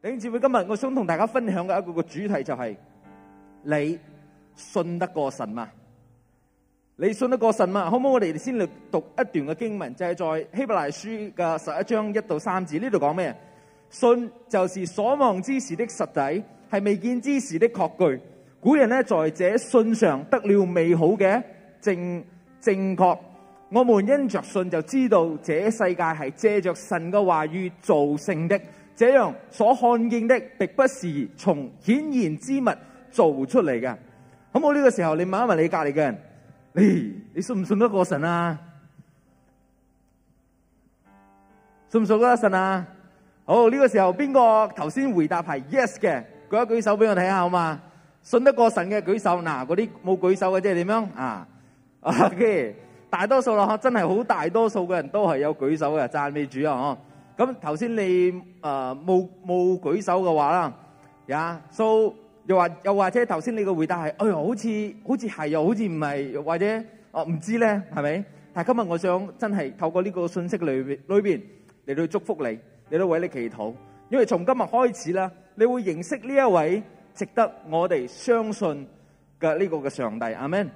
領旨會今日，我想同大家分享嘅一個個主題就係：你信得過神嗎？你信得過神嗎？可唔可以我哋先嚟讀一段嘅經文，就係在希伯來書嘅十一章一到三節呢度講咩？信就是所望之事的實底，係未見之事的確據。古人呢，在這信上得了美好嘅正正確。我們因着信，就知道這世界係借着神嘅話語造成的。這樣所看見的，並不是從顯然之物做出嚟嘅。咁我呢個時候，你問一問你隔籬嘅人，你，你信唔信得過神啊？信唔信得過神啊？好，呢、這個時候邊個頭先回答係 yes 嘅，舉一舉手俾我睇下好嘛？信得過神嘅舉手，嗱，嗰啲冇舉手嘅即係點樣啊？Okay, 大多數啦，真係好，大多數嘅人都係有舉手嘅，讚美主啊！咁頭先你誒冇冇舉手嘅話啦，呀、yeah，so 又或者又或者，即係頭先你嘅回答係，哎好似好似係，又好似唔係，或者哦唔知咧，係咪？但係今日我想真係透過呢個信息裏邊裏邊嚟到祝福你，嚟到為你祈禱，因為從今日開始啦，你會認識呢一位值得我哋相信嘅呢個嘅上帝，阿 Man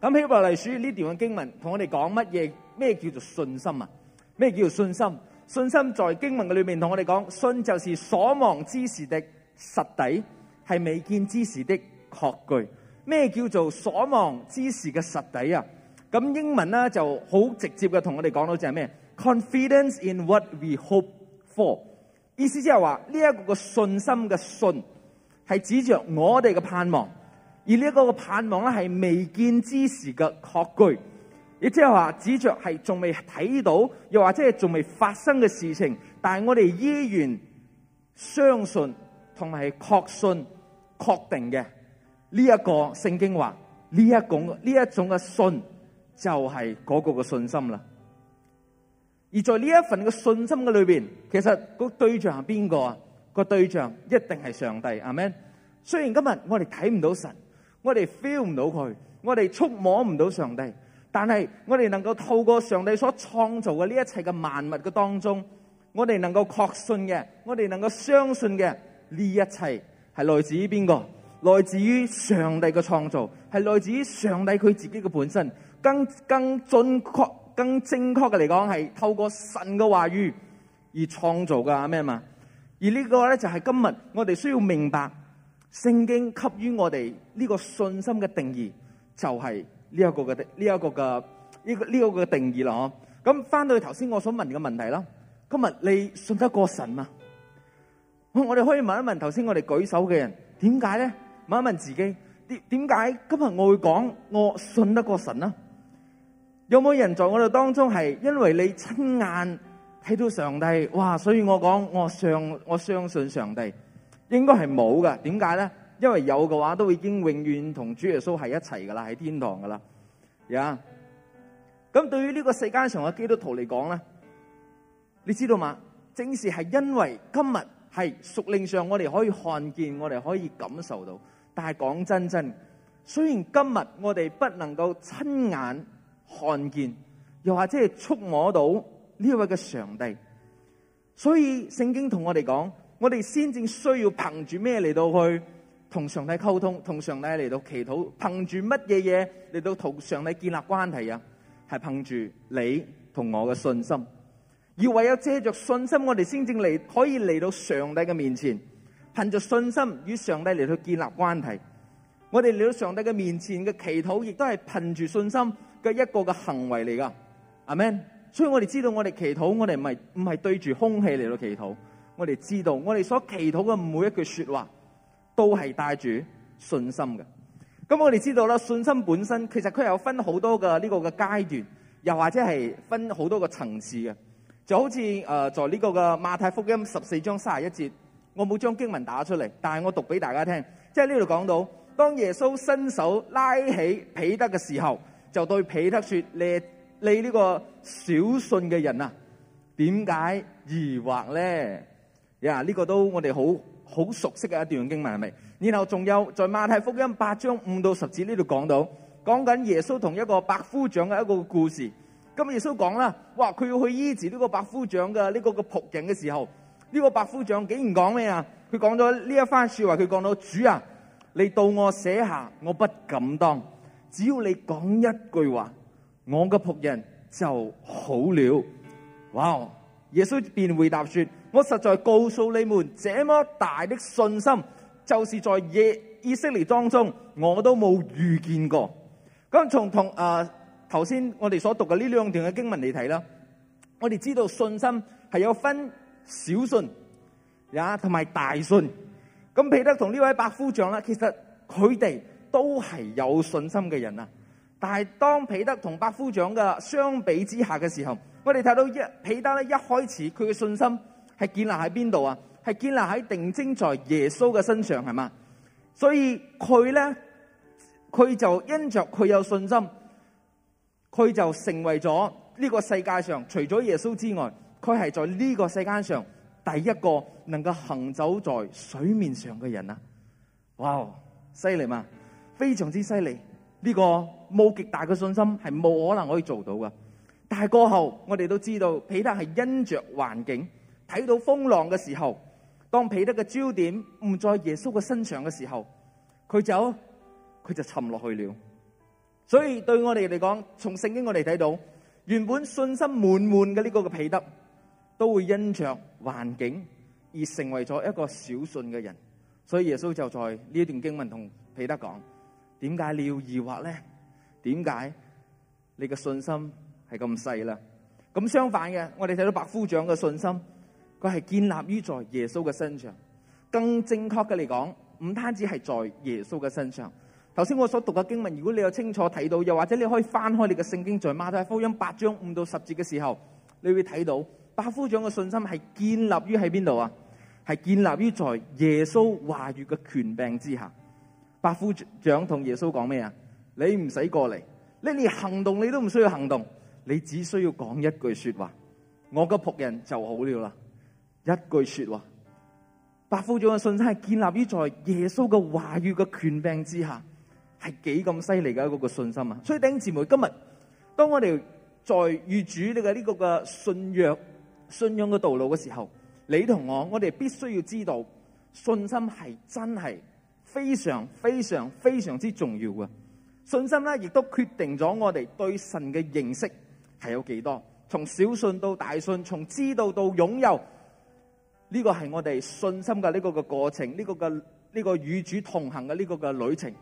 咁希伯來書呢段嘅經文同我哋講乜嘢？咩叫做信心啊？咩叫做信心？信心在經文嘅裡面同我哋講，信就是所望之事的實底，係未見之事的確據。咩叫做所望之事嘅實底啊？咁英文咧就好直接嘅同我哋講到就係咩？Confidence in what we hope for。意思即係話，呢一個嘅信心嘅信係指著我哋嘅盼望，而呢一個嘅盼望咧係未見之事嘅確據。亦即係話，指着係仲未睇到，又或者係仲未發生嘅事情，但係我哋依然相信同埋確信、確定嘅呢一個聖經話，呢一種呢一種嘅信就係嗰個嘅信心啦。而在呢一份嘅信心嘅裏邊，其實個對象係邊個啊？個對象一定係上帝，阿們？雖然今日我哋睇唔到神，我哋 feel 唔到佢，我哋觸摸唔到上帝。但係我哋能夠透過上帝所創造嘅呢一切嘅萬物嘅當中，我哋能夠確信嘅，我哋能夠相信嘅呢一切係來自於邊個？來自於上帝嘅創造，係來自於上帝佢自己嘅本身更。更更準確、更正確嘅嚟講，係透過神嘅話語而創造噶咩嘛？而個呢個咧就係、是、今日我哋需要明白聖經給予我哋呢個信心嘅定義，就係、是。呢、呢、一個嘅呢一個嘅呢呢個嘅、呢個嘅、定義啦，咁翻到去頭先我想問嘅問題啦，今日你信得過神嘛？我哋可以問一問頭先我哋舉手嘅人，點解咧？問一問自己，點點解今日我會講我信得過神啊？有冇人在我哋當中係因為你親眼睇到上帝，哇！所以我講我上我相信上帝，應該係冇㗎。點解咧？因為有嘅話，都已經永遠同主耶穌喺一齊噶啦，喺天堂噶啦，呀、yeah. 咁對於呢個世界上嘅基督徒嚟講咧，你知道嘛？正是係因為今日係屬靈上，我哋可以看見，我哋可以感受到。但係講真真，雖然今日我哋不能夠親眼看見，又或者係觸摸到呢一位嘅上帝，所以聖經同我哋講，我哋先至需要憑住咩嚟到去？同上帝溝通，同上帝嚟到祈禱，憑住乜嘢嘢嚟到同上帝建立關係啊？係憑住你同我嘅信心，而唯有借着信心，我哋先至嚟可以嚟到上帝嘅面前，憑着信心與上帝嚟到建立關係。我哋嚟到上帝嘅面前嘅祈禱，亦都係憑住信心嘅一個嘅行為嚟噶。阿門。所以我哋知道，我哋祈禱，我哋唔係唔係對住空氣嚟到祈禱。我哋知道，我哋所祈禱嘅每一句說話。都係帶住信心嘅，咁我哋知道啦，信心本身其實佢有分好多嘅呢、這個嘅階段，又或者係分好多嘅層次嘅，就好似誒、呃、在呢個嘅馬太福音十四章卅一節，我冇將經文打出嚟，但係我讀俾大家聽，即係呢度講到，當耶穌伸手拉起彼得嘅時候，就對彼得說你：你你呢個小信嘅人啊，點解疑惑咧？呀，呢個都我哋好。好熟悉嘅一段經文係咪？然後仲有在馬太福音八章五到十節呢度講到，講緊耶穌同一個百夫長嘅一個故事。今日耶穌講啦，哇！佢要去醫治呢個百夫長嘅呢個個僕人嘅時候，呢、這個百夫長竟然講咩啊？佢講咗呢一番說話，佢講到：主啊，你到我舍下，我不敢當，只要你講一句話，我嘅僕人就好了。哇！耶穌便回答說，我實在告訴你們，這麼大的信心，就是在耶，以色列當中，我都冇遇見過。咁從同，呃，頭先我哋所讀嘅呢兩段嘅經文嚟睇啦，我哋知道信心係有分小信、同埋大信。咁彼得同呢位百夫長呢，其實佢哋都係有信心嘅人啊。但係當彼得同百夫長嘅相比之下嘅時候，我哋睇到彼得一開始，佢嘅信心係建立喺邊度啊？係建立喺定睛在耶穌嘅身上，係嘛？所以佢咧，佢就因着佢有信心，佢就成為咗呢個世界上除咗耶穌之外，佢係在呢個世界上第一個能夠行走在水面上嘅人啊！哇，犀利嘛，非常之犀利。呢個冇極大嘅信心係冇可能可以做到噶。但係過後，我哋都知道彼得係因着環境。睇到風浪嘅時候，當彼得嘅焦點唔在耶穌嘅身上嘅時候，佢就佢就沉落去了。所以對我哋嚟講，從聖經我哋睇到，原本信心滿滿嘅呢個嘅彼得，都會因着環境而成為咗一個小信嘅人。所以耶穌就在呢一段經文同彼得講：點解你要疑惑呢？點解你嘅信心係咁細啦？咁相反嘅，我哋睇到百夫長嘅信心。佢係建立於在耶穌嘅身上，更正確嘅嚟講，唔單止係在耶穌嘅身上。頭先我所讀嘅經文，如果你有清楚睇到，又或者你可以翻開你嘅聖經，在馬太福音八章五到十節嘅時候，你會睇到百夫長嘅信心係建立於喺邊度啊？係建立於在耶穌話語嘅權柄之下。百夫長同耶穌講咩啊？你唔使過嚟，你連你行動你都唔需要行動，你只需要講一句說話，我嘅僕人就好了啦。一句說話，百夫長嘅信心係建立於在耶穌嘅話語嘅權柄之下，係幾咁犀利嘅一個信心啊！所以，弟兄姊妹，今日當我哋在與主你嘅呢個嘅信約、信仰嘅道路嘅時候，你同我，我哋必須要知道信心係真係非常、非常、非常之重要嘅。信心咧，亦都決定咗我哋對神嘅認識係有幾多，從小信到大信，從知道到擁有。呢、這個係我哋信心嘅呢個嘅過程，呢、這個嘅呢、這個與主同行嘅呢個嘅旅程，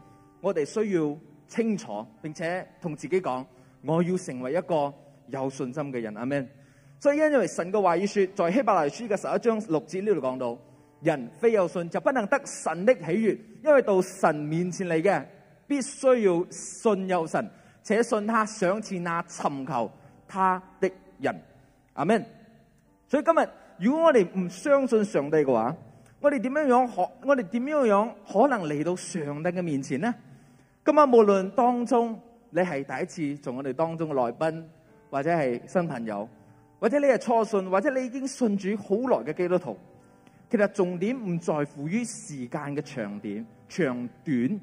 我哋需要清楚，並且同自己講，我要成為一個有信心嘅人，阿 Man，所以因為神嘅話語說，在希伯來書嘅十一章六節呢度講到，人非有信就不能得神的喜悅，因為到神面前嚟嘅必須要信有神，且信他賞賜那尋求他的人，阿 Man，所以今日。如果我哋唔相信上帝嘅話，我哋點樣樣可？我哋點樣樣可能嚟到上帝嘅面前呢？今日，無論當中你係第一次做我哋當中嘅來賓，或者係新朋友，或者你係初信，或者你已經信主好耐嘅基督徒，其實重點唔在乎於時間嘅長點長短。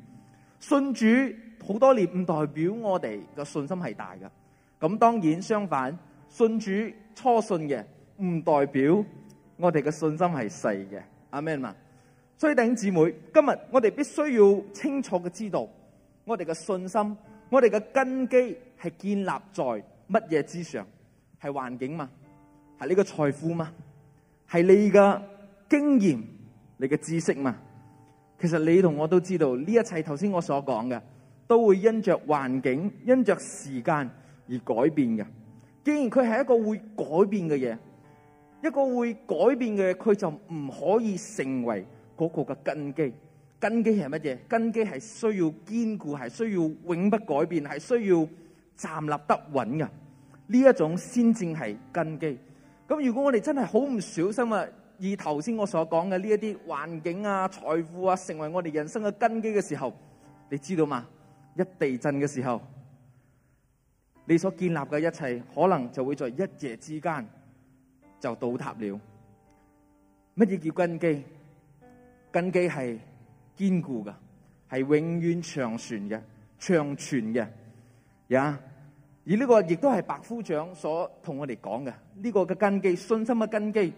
信主好多年唔代表我哋嘅信心係大嘅。咁當然相反，信主初信嘅。唔代表我哋嘅信心係細嘅，阿們嘛。所以弟兄姊妹，今日我哋必須要清楚嘅，知道，我哋嘅信心，我哋嘅根基係建立在乜嘢之上？係環境嘛？係你個財富嘛？係你嘅經驗、你嘅知識嘛？其實你同我都知道呢一切，頭先我所講嘅，都會因着環境、因着時間而改變嘅。既然佢係一個會改變嘅嘢。一個會改變嘅，佢就唔可以成為嗰個嘅根基。根基係乜嘢？根基係需要堅固，係需要永不改變，係需要站立得穩嘅呢一種，先至係根基。咁如果我哋真係好唔小心啊，以頭先我所講嘅呢一啲環境啊、財富啊，成為我哋人生嘅根基嘅時候，你知道嗎？一地震嘅時候，你所建立嘅一切，可能就會在一夜之間。就倒塌了。乜嘢叫根基？根基係堅固的，係永遠長存嘅，長存嘅。呀、yeah? 而呢個亦都係白夫長所同我哋講嘅。呢、這個嘅根基，信心嘅根基，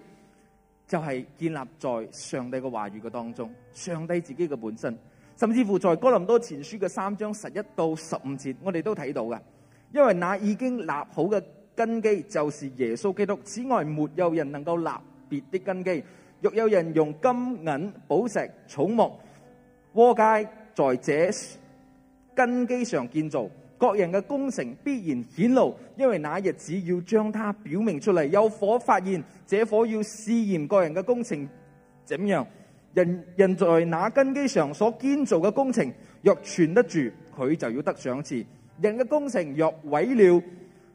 就係、是、建立在上帝嘅話語嘅當中，上帝自己嘅本身。甚至乎在哥林多前書嘅三章十一到十五節，我哋都睇到的。因為那已經立好嘅。根基就是耶穌基督，此外沒有人能夠立別的根基。若有人用金銀、寶石、草木、禾稭，在這根基上建造，各人嘅工程必然顯露，因為那日子要將它表明出嚟。有火發現，這火要試驗各人嘅工程怎樣。人人在那根基上所建造嘅工程，若存得住，佢就要得賞賜。人嘅工程若毀了，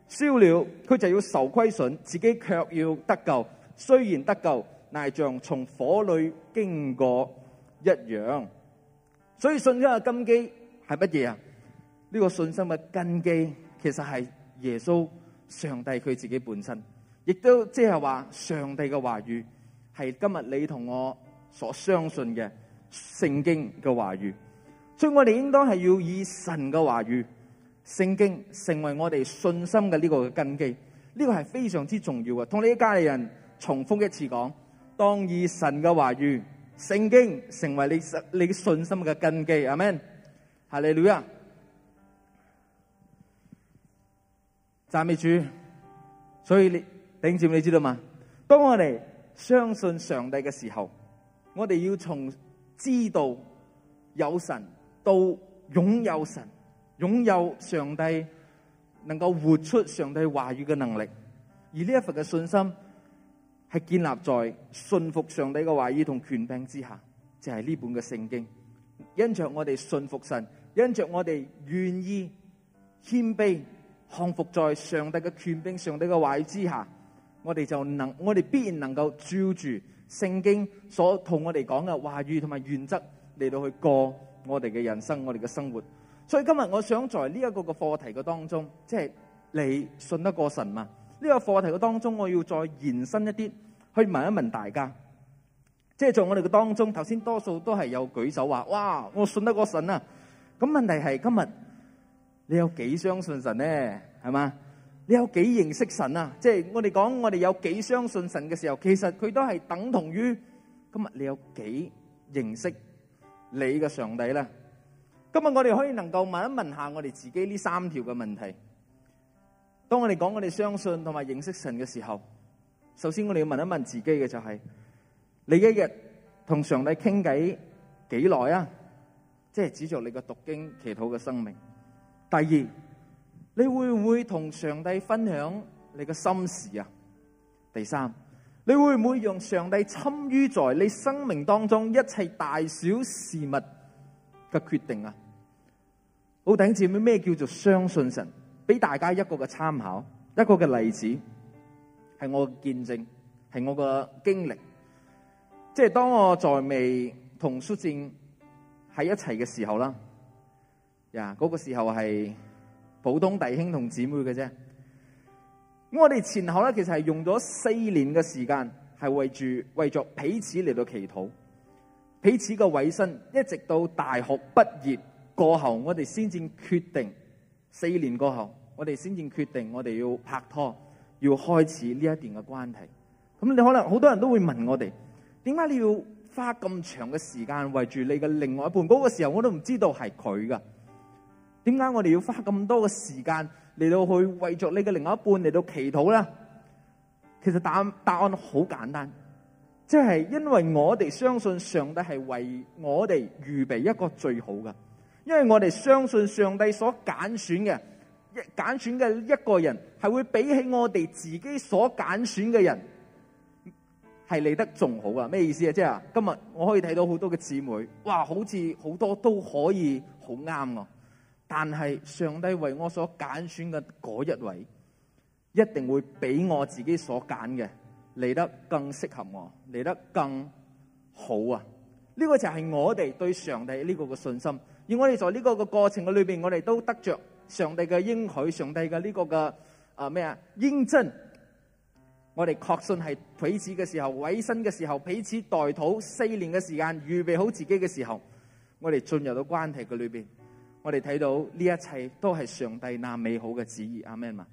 燒了，佢就要受虧損，自己卻要得救。雖然得救，但係像從火裏經過一樣。所以信心嘅根基係乜嘢啊？呢、呢個信心嘅根基其實係耶穌、上帝佢自己本身，亦都即係話上帝嘅話語係今日你同我所相信嘅聖經嘅話語。所以我哋應當係要以神嘅話語。聖經成為我哋信心嘅呢個根基，呢、這個係非常之重要啊！同你啲家裏人重複一次講，當以神嘅話語，聖經成為你信你信心嘅根基，阿們，係你女啊，讚美主！所以你頂住，你知道嗎？當我哋相信上帝嘅時候，我哋要從知道有神到擁有神。擁有上帝能夠活出上帝話語嘅能力，而呢一份嘅信心係建立在信服上帝嘅話語同權柄之下，就係呢本嘅聖經。因着我哋信服神，因着我哋願意謙卑降服在上帝嘅權柄、上帝嘅話語之下，我哋就能，我哋必然能夠照住聖經所同我哋講嘅話語同埋原則嚟到去過我哋嘅人生、我哋嘅生活。所以今日我想在呢一個個課題嘅當中，即係你信得過神嘛？呢個課題嘅當中，我要再延伸一啲去問一問大家，即係在我哋嘅當中，頭先多數都係有舉手話，哇，我信得過神啊！咁問題係今日你有幾相信神咧？係嘛？你有幾認識神啊？即係我哋講我哋有幾相信神嘅時候，其實佢都係等同於今日你有幾認識你嘅上帝咧？今日我哋可以能夠問一問下我哋自己呢三條嘅問題。當我哋講我哋相信同埋認識神嘅時候，首先我哋要問一問自己嘅就係：你一日同上帝傾偈幾耐啊？即係指著你個讀經、祈禱嘅生命。第二，你會唔會同上帝分享你個心事啊？第三，你會唔會讓上帝參與在你生命當中一切大小事物嘅決定啊？好頂住咩，咩叫做相信神？俾大家一個嘅參考，一個嘅例子，係我嘅見證，係我嘅經歷。即係當我在未同舒靜喺一齊嘅時候啦，呀、那、嗰個時候係普通弟兄同姊妹嘅啫。我哋前後咧，其實係用咗四年嘅時間，係為住為着彼此嚟到祈禱，彼此嘅委身，一直到大學畢業。過後我哋先至決定，四年過後我哋先至決定，我哋要拍拖，要開始呢一段嘅關係。咁你可能好多人都會問我哋，點解你要花咁長嘅時間圍住你嘅另外一半？嗰個時候我都唔知道係佢噶。點解我哋要花咁多嘅時間嚟到去為着你嘅另外一半嚟到祈禱咧？其實答案答案好簡單，即係因為我哋相信上帝係為我哋預備一個最好嘅。因為我哋相信上帝所揀選嘅，揀選嘅一個人係會比起我哋自己所揀選嘅人係嚟得仲好啊？咩意思啊？即係今日我可以睇到好多嘅姊妹，哇，好似好多都可以好啱我，但係上帝為我所揀選嘅嗰一位，一定會比我自己所揀嘅嚟得更適合我嚟得更好啊！呢個就係我哋對上帝呢個嘅信心。而我哋在呢個嘅過程嘅裏邊，我哋都得着上帝嘅應許，上帝嘅呢個嘅啊咩啊應真，我哋確信係彼此嘅時候，委身嘅時候，彼此代禱四年嘅時間，預備好自己嘅時候，我哋進入到關係嘅裏邊，我哋睇到呢一切都係上帝那美好嘅旨意，阿咩啱嘛？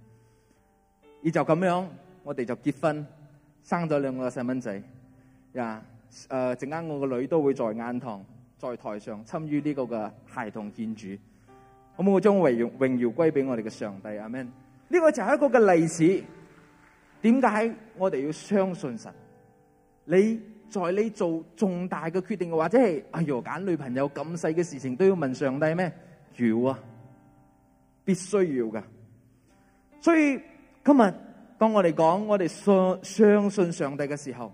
而就咁樣，我哋就結婚，生咗兩個細蚊仔，呀，誒，陣間我個女都會在眼堂。在台上參與呢個嘅孩童獻主，好冇？我將榮耀榮耀歸俾我哋嘅上帝，阿門。呢個就係一個嘅例子。點解我哋要相信神？你在你做重大嘅決定嘅話，即係哎喲揀女朋友咁細嘅事情都要問上帝咩？要啊，必須要噶。所以今日當我哋講我哋相相信上帝嘅時候，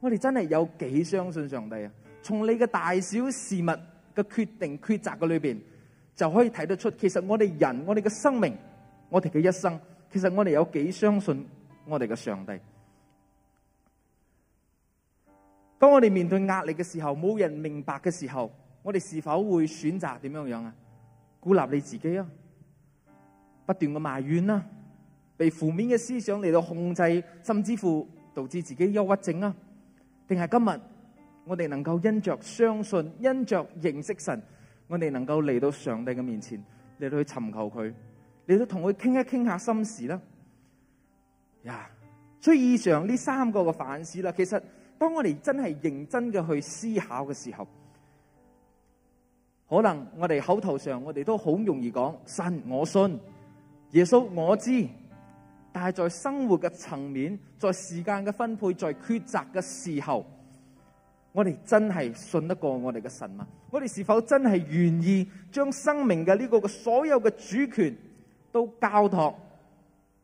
我哋真係有幾相信上帝啊？從你嘅大小事物嘅決定抉擇嘅裏邊，就可以睇得出，其實我哋人，我哋嘅生命，我哋嘅一生，其實我哋有幾相信我哋嘅上帝？當我哋面對壓力嘅時候，冇人明白嘅時候，我哋是否會選擇點樣樣啊？孤立你自己啊？不斷嘅埋怨啊，被負面嘅思想嚟到控制，甚至乎導致自己憂鬱症啊？定係今日？我哋能夠因着相信，因着認識神，我哋能夠嚟到上帝嘅面前，嚟到去尋求佢，嚟到同佢傾一傾下心事啦。呀、yeah，所以以上呢三個嘅反思啦，其實當我哋真係認真嘅去思考嘅時候，可能我哋口頭上我哋都好容易講，神我信，耶穌我知，但係在生活嘅層面，在時間嘅分配，在抉擇嘅時候，我哋真係信得過我哋嘅神啊。我哋是否真係願意將生命嘅呢個所有嘅主權都交託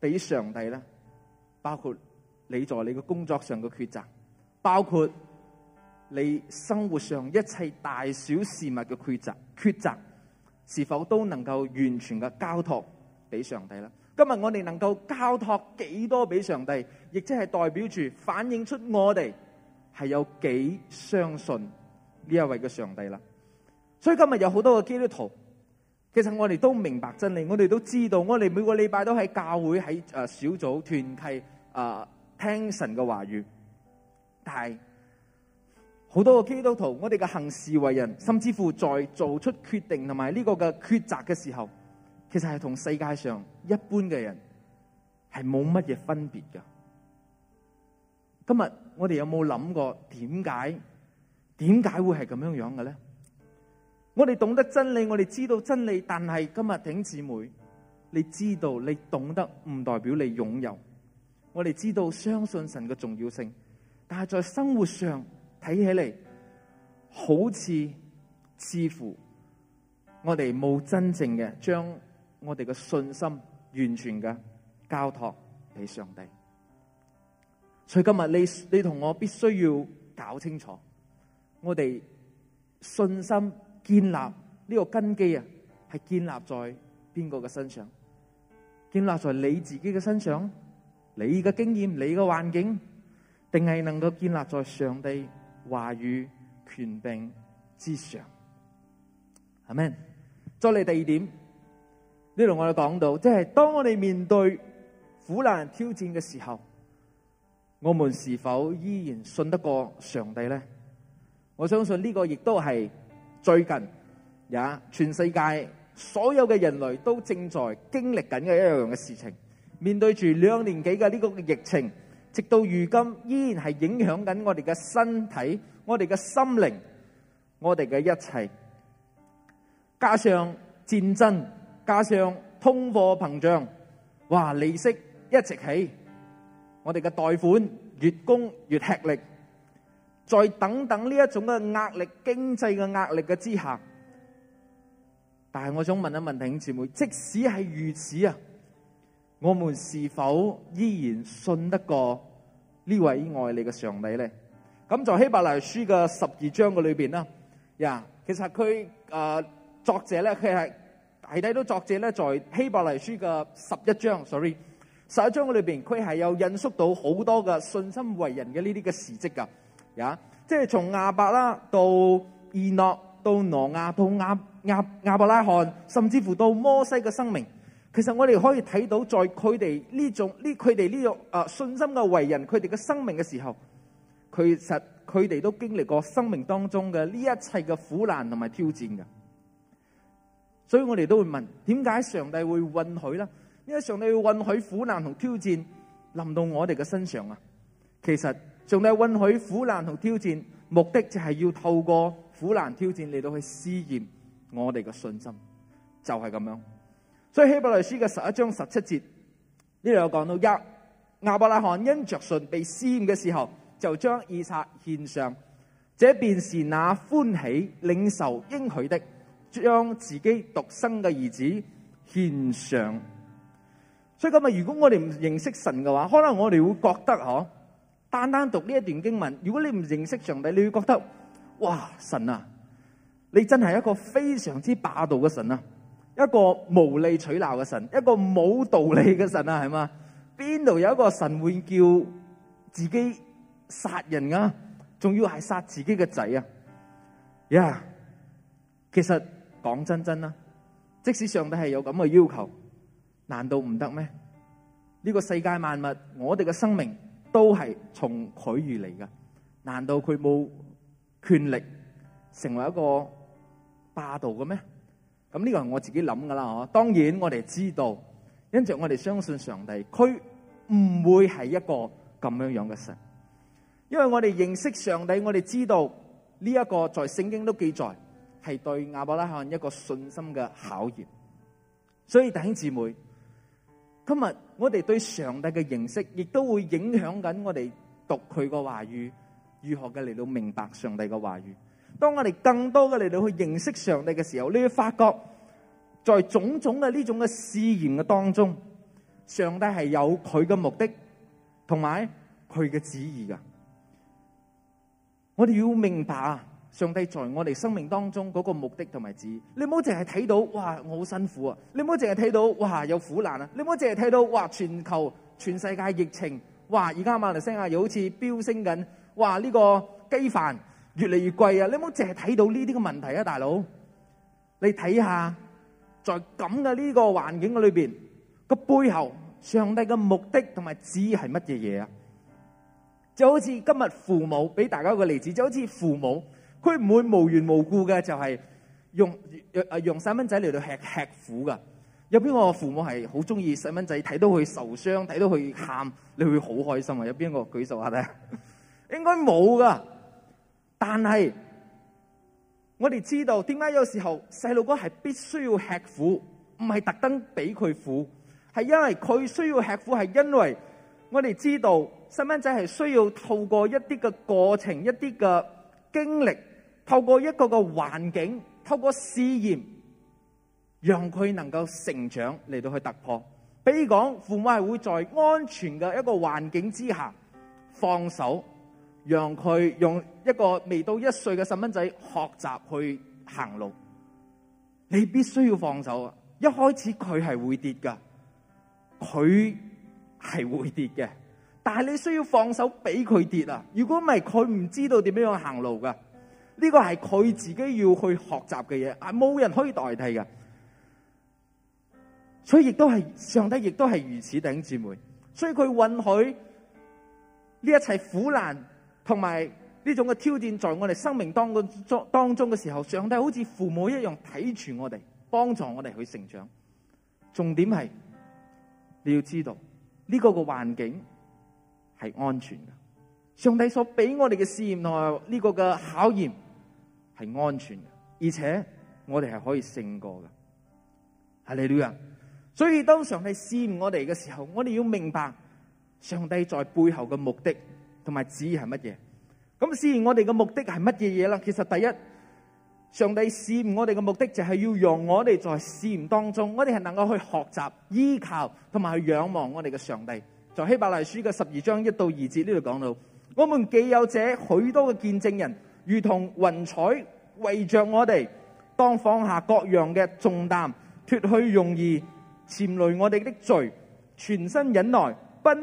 俾上帝呢？包括你在你嘅工作上嘅抉擇，包括你生活上一切大小事物嘅抉擇，抉擇是否都能夠完全嘅交託俾上帝呢？今日我哋能夠交託幾多俾上帝，亦即係代表住反映出我哋。係有幾相信呢一位嘅上帝啦，所以今日有好多嘅基督徒，其實我哋都明白真理，我哋都知道，我哋每個禮拜都喺教會喺誒小組團契啊聽神嘅話語，但係好多嘅基督徒，我哋嘅行事為人，甚至乎在做出決定同埋呢個嘅抉擇嘅時候，其實係同世界上一般嘅人係冇乜嘢分別噶。今日。我哋有冇諗過點解？點解會係咁樣樣嘅咧？我哋懂得真理，我哋知道真理，但係今日挺姊妹，你知道你懂得唔代表你擁有。我哋知道相信神嘅重要性，但係在生活上睇起嚟，好似似乎我哋冇真正嘅將我哋嘅信心完全嘅交託俾上帝。所以今日，你你同我必須要搞清楚，我哋信心建立呢個根基啊，係建立在邊個嘅身上？建立在你自己嘅身上？你嘅經驗、你嘅環境，定係能夠建立在上帝話語權柄之上？阿們，再嚟第二點，呢度我哋講到，即係當我哋面對苦難挑戰嘅時候。我們是否依然信得過上帝呢？我相信呢個亦都係最近也全世界所有嘅人類都正在經歷緊一樣嘅事情。面對住兩年幾嘅呢個疫情，直到如今依然係影響緊我哋嘅身體、我哋嘅心靈、我哋嘅一切。加上戰爭，加上通貨膨脹，哇！利息一直起。我哋嘅貸款越供越吃力，在等等呢一種嘅壓力、經濟嘅壓力嘅之下，但係我想問一問弟兄姊妹，即使係如此啊，我哋是否依然信得過呢位愛你嘅上帝咧？咁在希伯來書嘅十二章嘅裏邊啦，呀，其實佢誒作者咧，佢係係大抵都作者咧，在希伯來書嘅十一章，sorry。十一章嘅裏邊，佢係有引述到好多嘅信心為人嘅呢啲嘅事跡噶，啊，即係從亞伯啦到以諾，到挪亞，到亞亞亞伯拉罕，甚至乎到摩西嘅生命。其實我哋可以睇到在他這種，在佢哋呢種呢佢哋呢種啊信心嘅為人，佢哋嘅生命嘅時候，佢實佢哋都經歷過生命當中嘅呢一切嘅苦難同埋挑戰㗎。所以我哋都會問，點解上帝會允許咧？呢一上你要允許苦難同挑戰臨到我哋嘅身上啊。其實上帝允許苦難同挑戰，目的就係要透過苦難挑戰嚟到去試驗我哋嘅信心，就係、是、咁樣。所以希伯來書嘅十一章十七節呢度有講到一：一亞伯拉罕因着信被試驗嘅時候，就將以撒獻上，這便是那歡喜領受應許的，將自己獨生嘅兒子獻上。所以今日如果我哋唔認識神嘅話，可能我哋會覺得嗬，單單讀呢一段經文，如果你唔認識上帝，你會覺得，哇，神啊，你真係一個非常之霸道嘅神啊，一個無理取鬧嘅神，一個冇道理嘅神啊，係嘛？邊度有一個神會叫自己殺人啊？仲要係殺自己嘅仔啊？呀、yeah，其實講真真啦，即使上帝係有咁嘅要求。難道唔得咩？呢個世界萬物，我哋嘅生命都係從佢而嚟㗎。難道佢冇權力成為一個霸道嘅咩？咁呢個係我自己諗噶啦嗬。當然我哋知道，因住我哋相信上帝，佢唔會係一個咁樣樣嘅神。因為我哋認識上帝，我哋知道呢一個在聖經都記載係對亞伯拉罕一個信心嘅考驗。所以弟兄姊妹。今日我哋對上帝嘅認識，亦都會影響緊我哋讀佢嘅話語，如何嘅嚟到明白上帝嘅話語。當我哋更多嘅嚟到去認識上帝嘅時候，你要發覺，在種種嘅呢種嘅試驗嘅當中，上帝係有佢嘅目的同埋佢嘅旨意噶。我哋要明白啊！上帝在我哋生命當中嗰個目的同埋旨意，你唔好淨係睇到哇，我好辛苦啊！你唔好淨係睇到哇，有苦難啊！你唔好淨係睇到哇，全球全世界疫情哇，而家馬來西亞又好似飆升緊，哇，呢個雞飯越嚟越貴啊！你唔好淨係睇到呢啲嘅問題啊，大佬，你睇下，在咁嘅呢個環境裏邊，個背後上帝嘅目的同埋旨意係乜嘢嘢？啊，就好似今日父母俾大家一個例子，就好似父母。佢唔會無緣無故嘅就係、是、用用用細蚊仔嚟到吃吃苦噶。有邊個父母係好中意細蚊仔，睇到佢受傷、睇到佢喊，你會好開心啊？有邊個舉手下？睇應該冇噶。但係我哋知道點解有時候細路哥係必須要吃苦，唔係特登俾佢苦，係因為佢需要吃苦，係因為我哋知道細蚊仔係需要透過一啲嘅過程、一啲嘅。經歷透過一個個環境，透過試驗，讓佢能夠成長嚟到去突破。比如講，父母係會在安全嘅一個環境之下放手，讓佢用一個未到一歲嘅細蚊仔學習去行路。你必須要放手啊！一開始佢係會跌㗎，佢係會跌嘅。但係你需要放手俾佢跌啊！如果唔係，佢唔知道點樣樣行路噶。呢個係佢自己要去學習嘅嘢，啊冇人可以代替嘅。所以亦都係上帝，亦都係如此頂姊妹。所以佢允許呢一切苦難同埋呢種嘅挑戰，在我哋生命當中當中嘅時候，上帝好似父母一樣睇住我哋，幫助我哋去成長。重點係你要知道呢個個環境，係安全嘅，上帝所俾我哋嘅試驗同呢個嘅考驗係安全嘅，而且我哋係可以勝過嘅。係你點啊？所以當上帝試驗我哋嘅時候，我哋要明白上帝在背後嘅目的同埋旨意係乜嘢。咁試驗我哋嘅目的係乜嘢嘢啦？其實第一，上帝試驗我哋嘅目的就係要讓我哋在試驗當中，我哋係能夠去學習、依靠同埋去仰望我哋嘅上帝。在希伯來書嘅十二章一到二節呢度講到，我們既有這許多嘅見證人，如同雲彩圍着我哋，當放下各樣嘅重擔，脫去容易纏累我哋的罪，全身忍耐，奔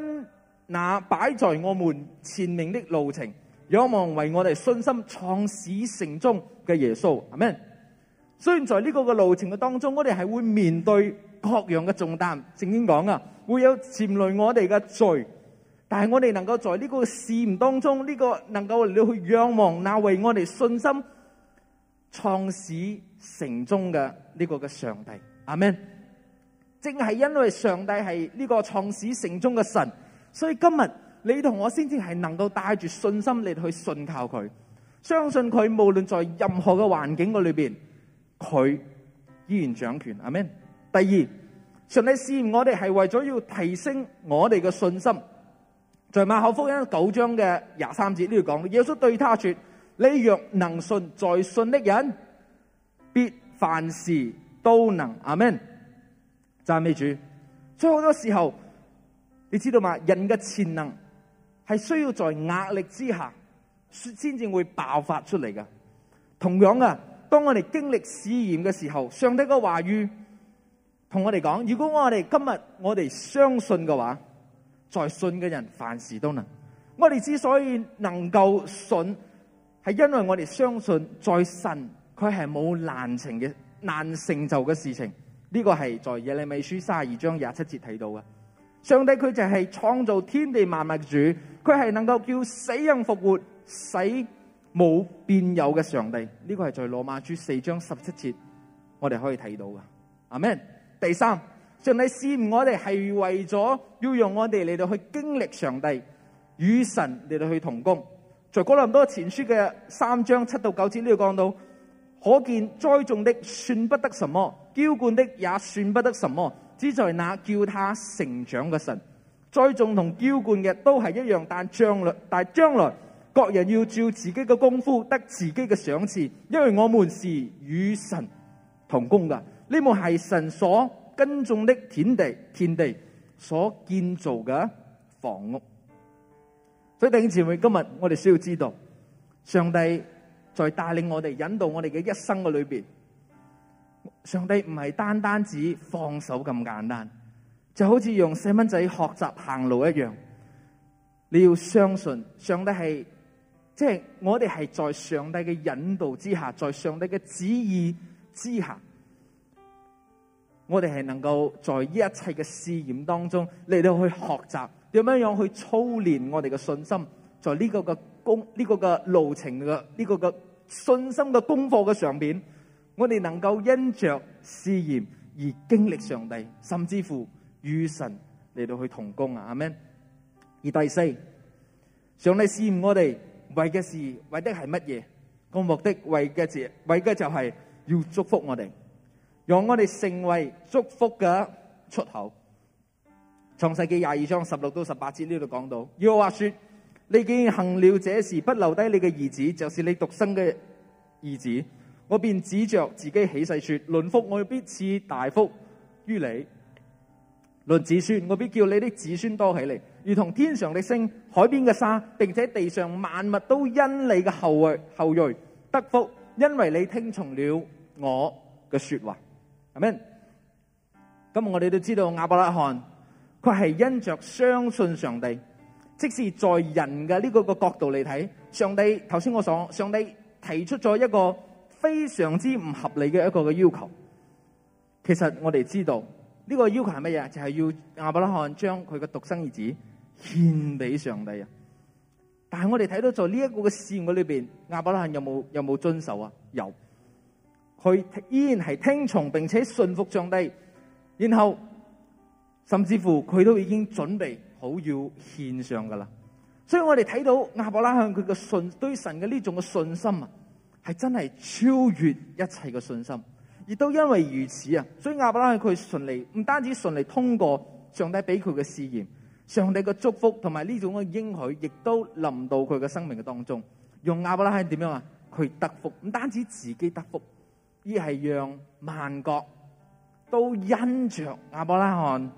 那擺在我們前面的路程，仰望為我哋信心創始成終嘅耶穌，係咪？雖然在呢個嘅路程嘅當中，我哋係會面對各樣嘅重擔。聖經講啊，會有潛累我哋嘅罪，但係我哋能夠在呢個試驗當中，呢、呢個能夠嚟去仰望那為我哋信心創始成終嘅呢個嘅上帝。阿門。正係因為上帝係呢個創始成終嘅神，所以今日你同我先至係能夠帶住信心嚟去信靠佢，相信佢無論在任何嘅環境嘅裏邊。佢依然掌權，阿們。第二，上帝試驗我哋係為咗要提升我哋嘅信心。在馬可福音九章嘅廿三節呢度講，耶穌對他說：你若能信，在信的人，必凡事都能。阿們，讚美主。所以好多時候，你知道嘛？人嘅潛能係需要在壓力之下先至會爆發出嚟㗎。同樣啊。當我哋經歷試驗嘅時候，上帝嘅話語同我哋講：如果我哋今日我哋相信嘅話，在信嘅人凡事都能。我哋之所以能夠信，係因為我哋相信在神，佢係冇難成嘅難成就嘅事情。呢個係在耶利米書三十二章廿七節睇到嘅。上帝佢就係創造天地萬物主，佢係能夠叫死人復活，死，冇變有嘅上帝，呢、這個係在羅馬書四章十七節，我哋可以睇到噶。阿們。第三，上帝試驗我哋係為咗要用我哋嚟到去經歷上帝與神嚟到去同工。在哥林多前書嘅三章七到九節呢度講到，可見栽種的算不得什麼，澆灌的也算不得什麼，只在那叫他成長嘅神。栽種同澆灌嘅都係一樣，但將來，但將來。各人要照自己嘅功夫得自己嘅賞賜，因為我們是與神同工噶，呢門係神所耕種的田地田地，所建造嘅房屋。所以弟兄姊妹，今日我哋需要知道，上帝在帶領我哋引導我哋嘅一生嘅裏邊，上帝唔係單單只放手咁簡單，就好似用細蚊仔學習行路一樣，你要相信上帝係。即係我哋係在上帝嘅引導之下，在上帝嘅旨意之下，我哋係能夠在一切嘅試驗當中嚟到去學習，點樣樣去操練我哋嘅信心。在呢個嘅功呢個嘅路程嘅呢個嘅信心嘅功課嘅上邊，我哋能夠因着試驗而經歷上帝，甚至乎與神嚟到去同工啊！係咪？而第四，上帝試驗我哋。為嘅事，為的係乜嘢？個目的為嘅事，為嘅就係要祝福我哋，讓我哋成為祝福嘅出口。創世紀廿二章十六到十八節呢度講到，又話說：你既然行了這事，不留低你嘅兒子，就是你獨生嘅兒子，我便指着自己起誓說：論福，我必賜大福於你。論子孫，我必叫你的子孫多起嚟，如同天上的星、海邊嘅沙，並且地上萬物都因你嘅後裔後裔得福，因為你聽從了我嘅說話，係咪？咁我哋都知道亞伯拉罕，佢係因着相信上帝，即使在人嘅呢個角度嚟睇，上帝頭先我所，上帝提出咗一個非常之唔合理嘅一個嘅要求，其實我哋知道。呢、這個要求係乜嘢？就係、是、要亞伯拉罕將佢嘅獨生兒子獻俾上帝啊！但係我哋睇到在呢一個嘅試驗裏邊，亞伯拉罕有冇有冇遵守啊？有，佢依然係聽從並且信服上帝，然後甚至乎佢都已經準備好要獻上噶啦。所以我哋睇到亞伯拉罕佢嘅信對神嘅呢種嘅信心啊，係真係超越一切嘅信心。亦都因為如此啊，所以亞伯拉罕佢順利，唔單止順利通過上帝俾佢嘅試驗，上帝嘅祝福同埋呢種嘅應許，亦都臨到佢嘅生命嘅當中。用亞伯拉罕點樣啊？佢得福，唔單止自己得福，而係讓萬國都因着亞伯拉罕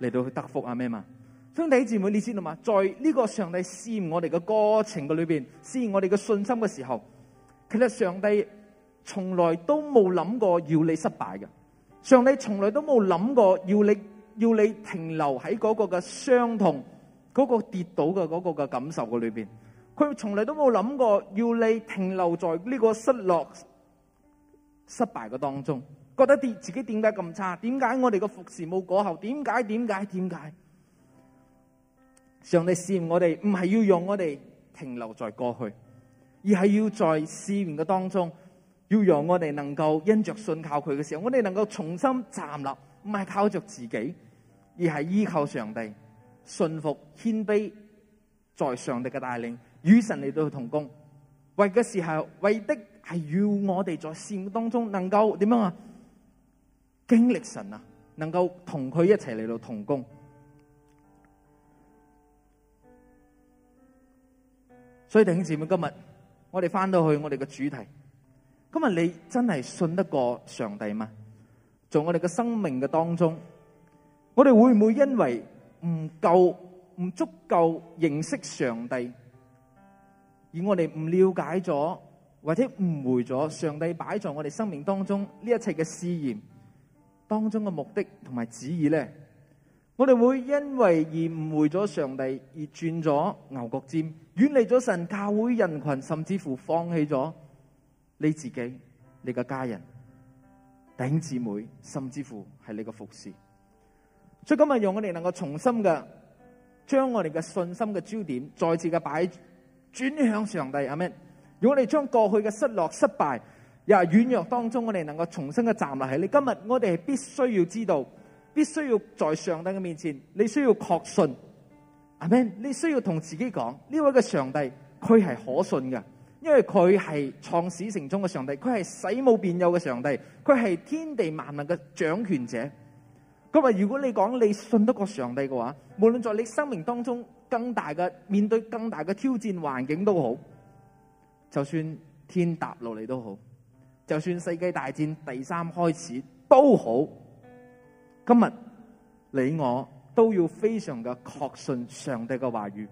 嚟到去得福啊咩嘛？兄弟姊妹，你知道嘛？在呢個上帝試驗我哋嘅過程嘅裏邊，試驗我哋嘅信心嘅時候，其實上帝。從來都冇諗過要你失敗嘅，上帝從來都冇諗過要你要你停留喺嗰個嘅傷痛，嗰個跌倒嘅嗰個嘅感受嘅裏邊，佢從來都冇諗過要你停留在呢個失落失敗嘅當中，覺得跌自己點解咁差？點解我哋嘅服侍冇果效？點解？點解？點解？上帝試驗我哋，唔係要讓我哋停留在過去，而係要在試驗嘅當中。要讓我哋能夠因着信靠佢嘅時候，我哋能夠重新站立，唔係靠着自己，而係依靠上帝，信服謙卑，在上帝嘅帶領，與神嚟到同工。為嘅時候，為的係要我哋在試煉當中能夠點樣啊？經歷神啊，能夠同佢一齊嚟到同工。所以弟兄姊妹，今日我哋返到去我哋嘅主題。今日你真係信得過上帝嗎？在我哋嘅生命嘅當中，我哋會唔會因為唔夠、唔足夠認識上帝，而我哋唔了解咗或者誤會咗上帝擺在我哋生命當中呢一切嘅試驗當中嘅目的同埋旨意呢？我哋會因為而誤會咗上帝而轉咗牛角尖，遠離咗神教會人群，甚至乎放棄咗。你自己、你嘅家人、弟兄姊妹，甚至乎係你嘅服侍。所以今日用我哋能夠重新嘅將我哋嘅信心嘅焦點再次嘅擺轉向上帝。阿 Man，如果我哋將過去嘅失落、失敗又係軟弱當中，我哋能夠重新嘅站立喺你。今日我哋係必須要知道，必須要在上帝嘅面前，你需要確信。阿 Man，你需要同自己講，呢位嘅上帝佢係可信嘅。因為佢係創始成終嘅上帝，佢係使無變有嘅上帝，佢係天地萬能嘅掌權者。咁啊，如果你講你信得過上帝嘅話，無論在你生命當中更大嘅面對更大嘅挑戰環境都好，就算天塌落嚟都好，就算世界大戰第三開始都好，今日你我都要非常嘅確信上帝嘅話語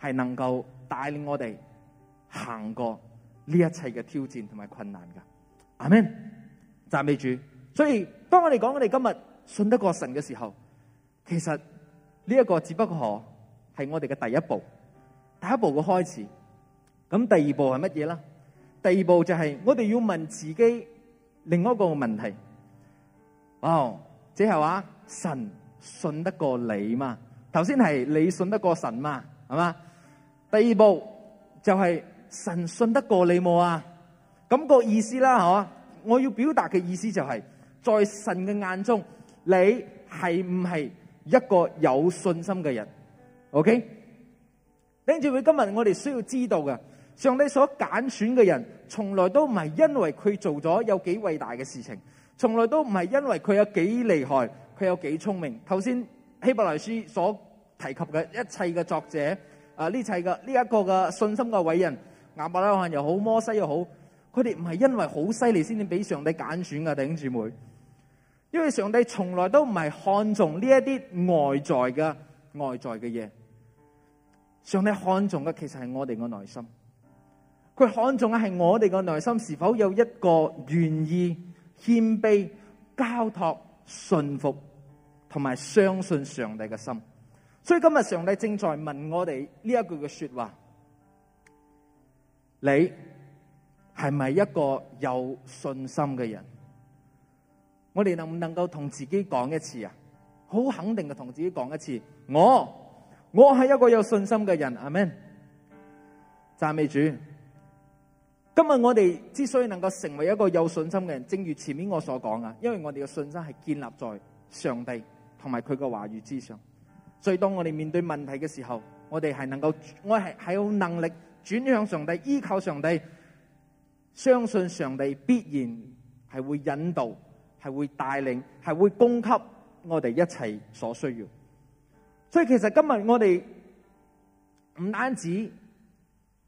係能夠帶領我哋行過呢一切嘅挑戰同埋困難噶，阿們，讚美主。所以當我哋講我哋今日信得過神嘅時候，其實呢一個只不過係我哋嘅第一步，第一步嘅開始。咁第二步係乜嘢啦？第二步就係我哋要問自己另外一個問題。哦，即係話神信得過你嘛？頭先係你信得過神嘛？係嘛？第二步就係、是。神信得過你冇啊？咁個意思啦，吓，我要表達嘅意思就係，在神嘅眼中，你係唔係一個有信心嘅人？OK，弟兄姊妹，今日我哋需要知道嘅，上帝所揀選嘅人，從來都唔係因為佢做咗有幾偉大嘅事情，從來都唔係因為佢有幾厲害，佢有幾聰明。頭先希伯來書所提及嘅一切嘅作者，啊呢一切嘅呢一個嘅信心嘅偉人。亞伯拉罕又好，摩西又好，佢哋唔係因為好犀利先至俾上帝揀選噶，弟兄姊妹。因為上帝從來都唔係看重呢一啲外在嘅外在嘅嘢，上帝看重嘅其實係我哋嘅內心。佢看重嘅係我哋嘅內心是否有一個願意謙卑、交託、順服同埋相信上帝嘅心。所以今日上帝正在問我哋呢一句嘅說話。你係咪一個有信心嘅人？我哋能唔能夠同自己講一次啊？好肯定嘅，同自己講一次，我我係一個有信心嘅人，阿們，讚美主。今日我哋之所以能夠成為一個有信心嘅人，正如前面我所講啊，因為我哋嘅信心係建立在上帝同埋佢嘅話語之上。所以當我哋面對問題嘅時候，我哋係能夠，我係係有能力。轉向上帝，依靠上帝，相信上帝必然係會引導，係會帶領，係會供給我哋一切所需要。所以其實今日我哋唔單止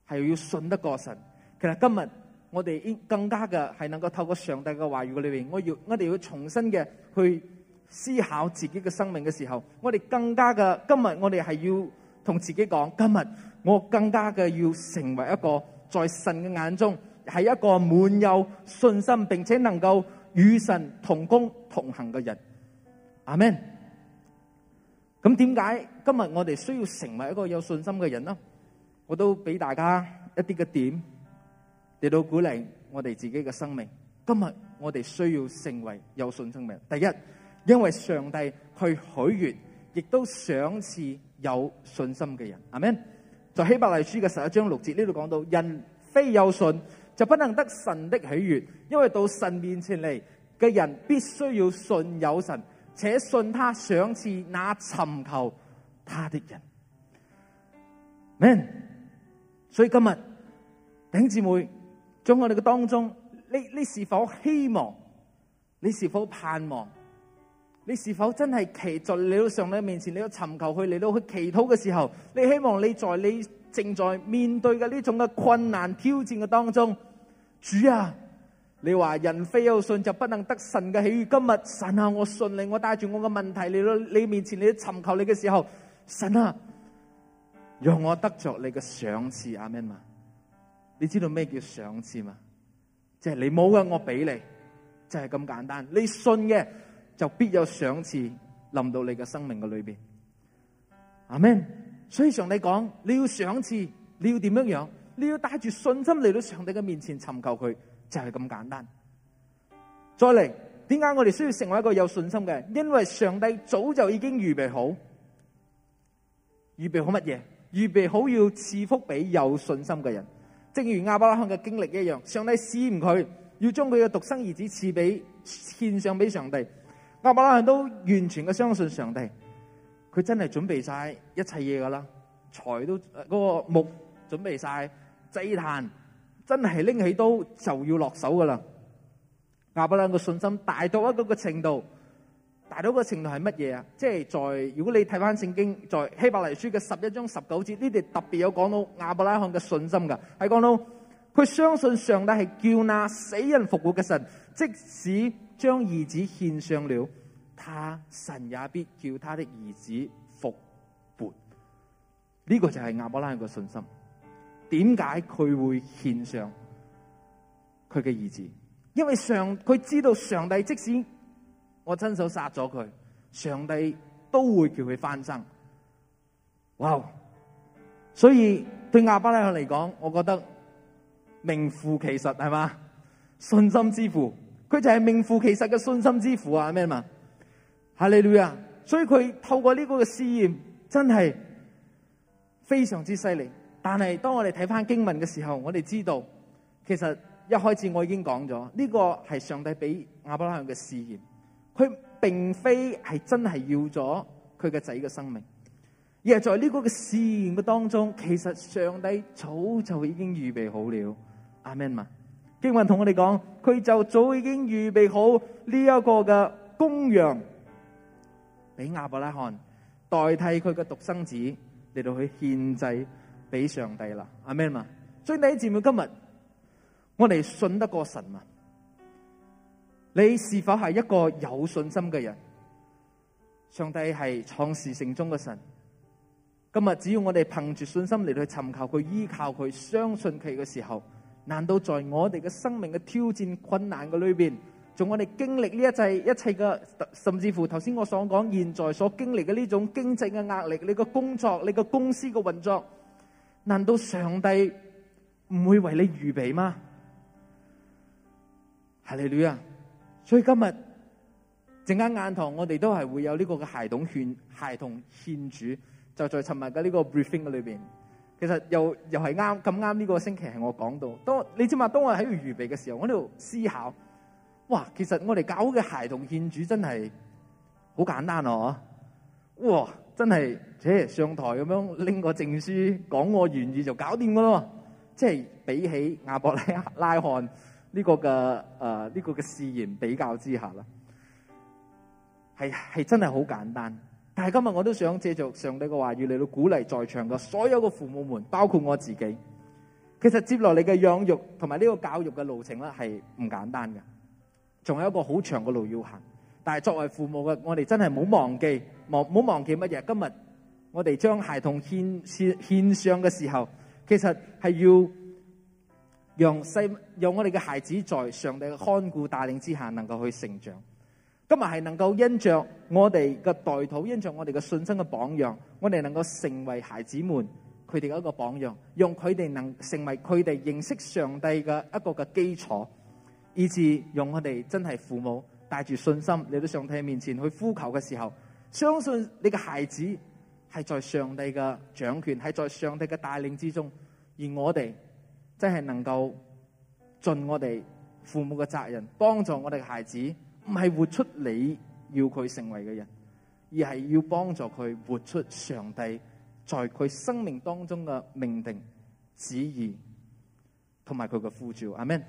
係要信得過神，其實今日我哋應更加嘅係能夠透過上帝嘅話語裏邊，我要我哋要重新嘅去思考自己嘅生命嘅時候，我哋更加嘅，今日我哋係要同自己講，今日。我更加嘅，要成為一個在神嘅眼中係一個滿有信心，並且能夠與神同工同行嘅人。阿門。咁點解今日我哋需要成為一個有信心嘅人呢？我都俾大家一啲嘅點，嚟到鼓勵我哋自己嘅生命。今日我哋需要成為有信心嘅人。第一，因為上帝佢許願，亦都賞賜有信心嘅人。阿門。就希伯來書嘅十一章六節呢度講到，人非有信就不能得神的喜悅，因為到神面前嚟嘅人必須要信有神，且信他賞賜那尋求他的人。Man，所以今日弟兄姊妹，在我哋嘅當中，你你是否希望？你是否盼望？你是否真係祈在了上你面前？你要尋求佢嚟到去祈禱嘅時候，你希望你在你正在面對嘅呢種嘅困難挑戰嘅當中，主啊，你話人非有信就不能得神嘅喜悅。今日神啊，我信你，我帶住我嘅問題嚟到你，你面前，你要尋求你嘅時候，神啊，讓我得着你嘅賞賜。阿們嘛，你知道咩叫賞賜嗎？即係你冇嘅我俾你，就係咁簡單。你信嘅。就必有賞賜臨到你嘅生命嘅裏邊，阿門。所以上帝講，你要賞賜，你要點樣樣，你要帶住信心嚟到上帝嘅面前尋求佢，就係、是、咁簡單。再嚟，點解我哋需要成為一個有信心嘅？因為上帝早就已經預備好，預備好乜嘢？預備好要賜福俾有信心嘅人，正如亞伯拉罕嘅經歷一樣，上帝試驗佢，要將佢嘅獨生兒子賜俾獻上俾上帝。亞伯拉罕都完全嘅相信上帝，佢真係準備晒一切嘢噶啦，柴都嗰、那個木準備晒祭壇，真係拎起刀就要落手噶啦。亞伯拉罕嘅信心大到一個嘅程度，大到個程度係乜嘢啊？即係在如果你睇翻聖經，在希伯來書嘅十一章十九節呢度特別有講到亞伯拉罕嘅信心噶，係講到佢相信上帝係叫那死人復活嘅神，即使。將兒子獻上了，他神也必叫他的兒子復活。呢、這個就係亞伯拉罕嘅信心。點解佢會獻上佢嘅兒子？因為上佢知道上帝，即使我親手殺咗佢，上帝都會叫佢翻生。哇、wow！所以對亞伯拉罕嚟講，我覺得名副其實係嘛？信心之父。佢就係名副其實嘅信心之父啊，阿門！哈利路亞！所以佢透過呢個嘅試驗，真係非常之犀利。但係當我哋睇翻經文嘅時候，我哋知道，其實一開始我已經講咗，呢、這個係上帝俾亞伯拉罕嘅試驗，佢並非係真係要咗佢嘅仔嘅生命，而係在呢個嘅試驗嘅當中，其實上帝早就已經預備好了。阿門。經文同我哋講，佢就早已經預備好呢一個嘅公羊，俾亞伯拉罕代替佢嘅獨生子嚟到去獻祭俾上帝啦。阿門啊，所以你姊妹今日，我哋信得過神啊？你是否係一個有信心嘅人？上帝係創始成終嘅神。今日只要我哋憑住信心嚟到尋求佢，依靠佢，相信佢嘅時候。難道在我哋嘅生命嘅挑戰、困難嘅裏邊，仲我哋經歷呢一切一切嘅，甚至乎頭先我所講，現在所經歷嘅呢種經濟嘅壓力，你個工作、你個公司嘅運作，難道上帝唔會為你預備嗎？係你女啊！所以今日陣間晏堂，我哋都係會有呢個嘅孩童獻孩童獻主，就在尋日嘅呢個 briefing 嘅裏邊。其實又又係啱咁啱呢個星期係我講到，當你知嘛？當我喺度預備嘅時候，我喺度思考，哇！其實我哋搞嘅孩童獻主真係好簡單哦，啊，哇！真係，即，欸，上台咁樣拎個證書講我願意就搞掂咯，啊，即係比起亞伯拉罕呢個嘅誒呢個嘅誓言比較之下啦，係係真係好簡單。但係今日我都想借着上帝嘅話語嚟到鼓勵在場嘅所有嘅父母們，包括我自己。其實接落嚟嘅養育同埋呢個教育嘅路程咧，係唔簡單嘅，仲有一個好長嘅路要行。但係作為父母嘅，我哋真係唔好忘記，忘唔好忘記乜嘢。今日我哋將孩童獻獻獻上嘅時候，其實係要讓細，讓我哋嘅孩子在上帝嘅看顧帶領之下，能夠去成長。今日係能夠因着我哋嘅代禱，因着我哋嘅信心嘅榜樣，我哋能夠成為孩子們佢哋嘅一個榜樣，用佢哋能成為佢哋認識上帝嘅一個嘅基礎，以致用我哋真係父母帶住信心嚟到上帝面前去呼求嘅時候，相信你嘅孩子係在上帝嘅掌權，係在上帝嘅帶領之中，而我哋真係能夠盡我哋父母嘅責任，幫助我哋嘅孩子。唔係活出你要佢成為嘅人，而係要幫助佢活出上帝在佢生命當中嘅命定旨意，同埋佢嘅呼召。阿 Man，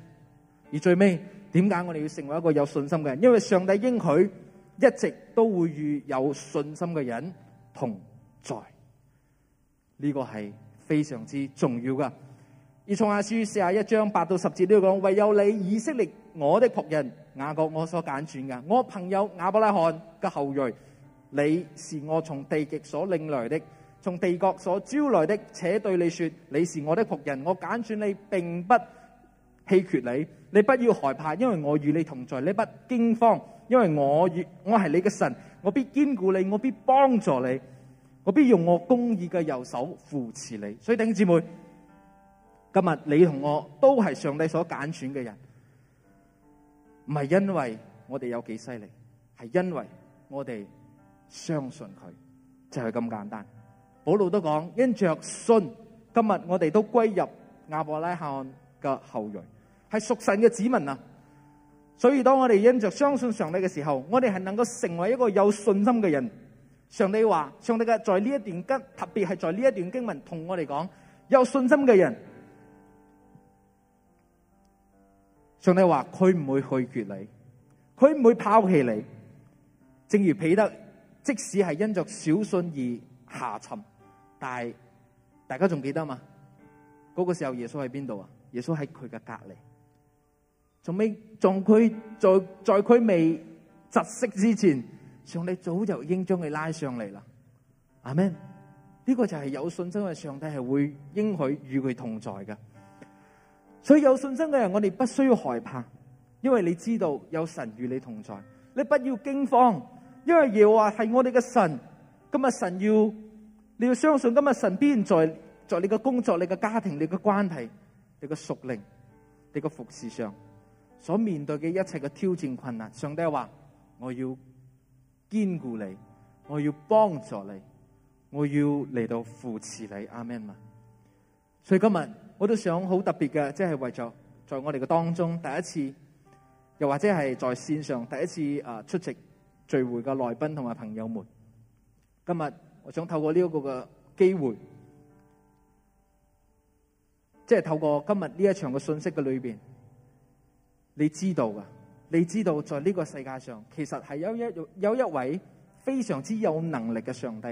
而最尾點解我哋要成為一個有信心嘅人？因為上帝應許一直都會與有信心嘅人同在，呢、這個係非常之重要噶。而從亞書四十一章八到十節都要講，唯有你以色列我的僕人雅各，我所揀選嘅，我朋友亞伯拉罕嘅後裔，你是我從地極所領來的，從地國所招來的，且對你說，你是我的僕人，我揀選你，並不棄絕你，你不要害怕，因為我與你同在，你不驚慌，因為我與我係你嘅神，我必堅固你，我必幫助你，我必用我公義嘅右手扶持你。所以弟兄姊妹，今日你同我都係上帝所揀選嘅人，唔係因為我哋有幾犀利，係因為我哋相信佢就係咁簡單。保羅都講，因着信，今日我哋都歸入亞伯拉罕嘅後裔，係屬神嘅子民啊！所以當我哋因着相信上帝嘅時候，我哋係能夠成為一個有信心嘅人。上帝話，上帝嘅在呢一段經，特別係在呢一段經文同我哋講，有信心嘅人。上帝話佢唔會拒絕你，佢唔會拋棄你。正如彼得，即使係因着小信而下沉，但係大家仲記得嘛？嗰個時候耶穌喺邊度啊？耶穌喺佢嘅隔籬。仲尾撞佢在在佢未窒息之前，上帝早就已經將佢拉上嚟啦。阿門。呢個就係有信心嘅上帝係會應許與佢同在嘅。所以有信心嘅人，我哋不需要害怕，因為你知道有神與你同在。你不要驚慌，因為耶和華係我哋嘅神。今日神要，你要相信，今日神必然在，在你嘅工作、你嘅家庭、你嘅關係、你嘅屬靈、你嘅服侍上所面對嘅一切嘅挑戰困難。上帝話：我要堅固你，我要幫助你，我要嚟到扶持你。阿門啊！所以今日。我都想好特別嘅，即係為咗在我哋嘅當中第一次，又或者係在線上第一次啊出席聚會嘅來賓同埋朋友們，今日我想透過呢一個嘅機會，即係透過今日呢一場嘅信息嘅裏邊，你知道噶，你知道在呢個世界上其實係有一有一位非常之有能力嘅上帝，